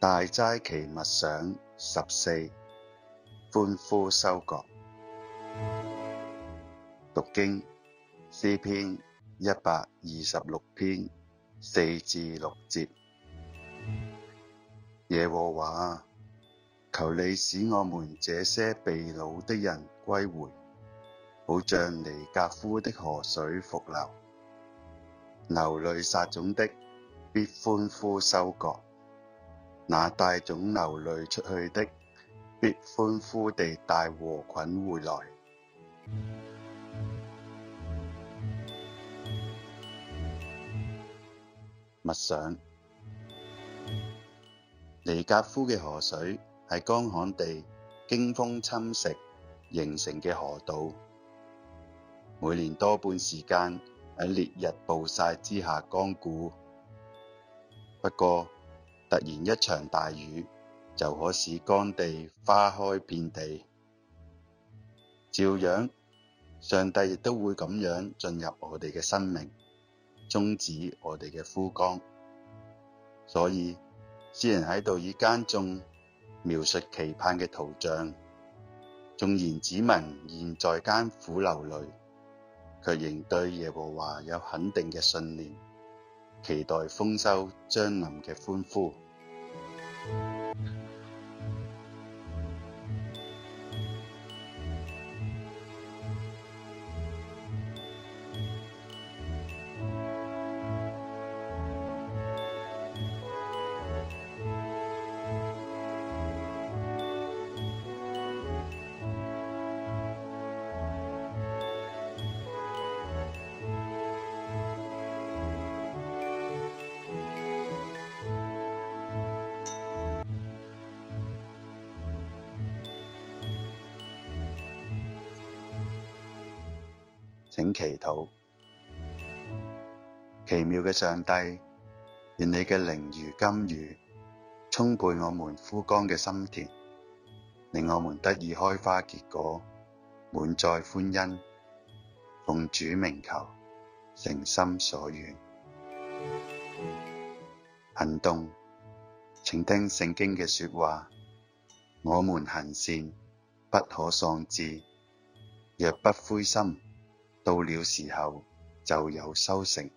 大齋期默想十四，歡呼收割，讀經詩篇一百二十六篇四至六節。耶和華，求你使我們這些被擄的人歸回，好像尼革夫的河水復流，流淚撒種的必歡呼收割。那帶種流淚出去的，必歡呼地帶禾捆回來。默想，尼革夫嘅河水係乾旱地經風侵蝕形成嘅河道，每年多半時間喺烈日暴曬之下乾涸。不過，突然一場大雨，就可使乾地花開遍地。照樣，上帝亦都會咁樣進入我哋嘅生命，終止我哋嘅枯乾。所以，詩人喺度以耕種描述期盼嘅圖像，縱然子民現在艱苦流淚，卻仍對耶和華有肯定嘅信念。期待豐收，將臨嘅歡呼。請祈禱，奇妙嘅上帝，願你嘅靈如甘雨，充沛我們枯乾嘅心田，令我們得以開花結果，滿載歡欣。奉主名求，誠心所願。行動，請聽聖經嘅說話。我們行善不可喪志，若不灰心。到了時候，就有收成。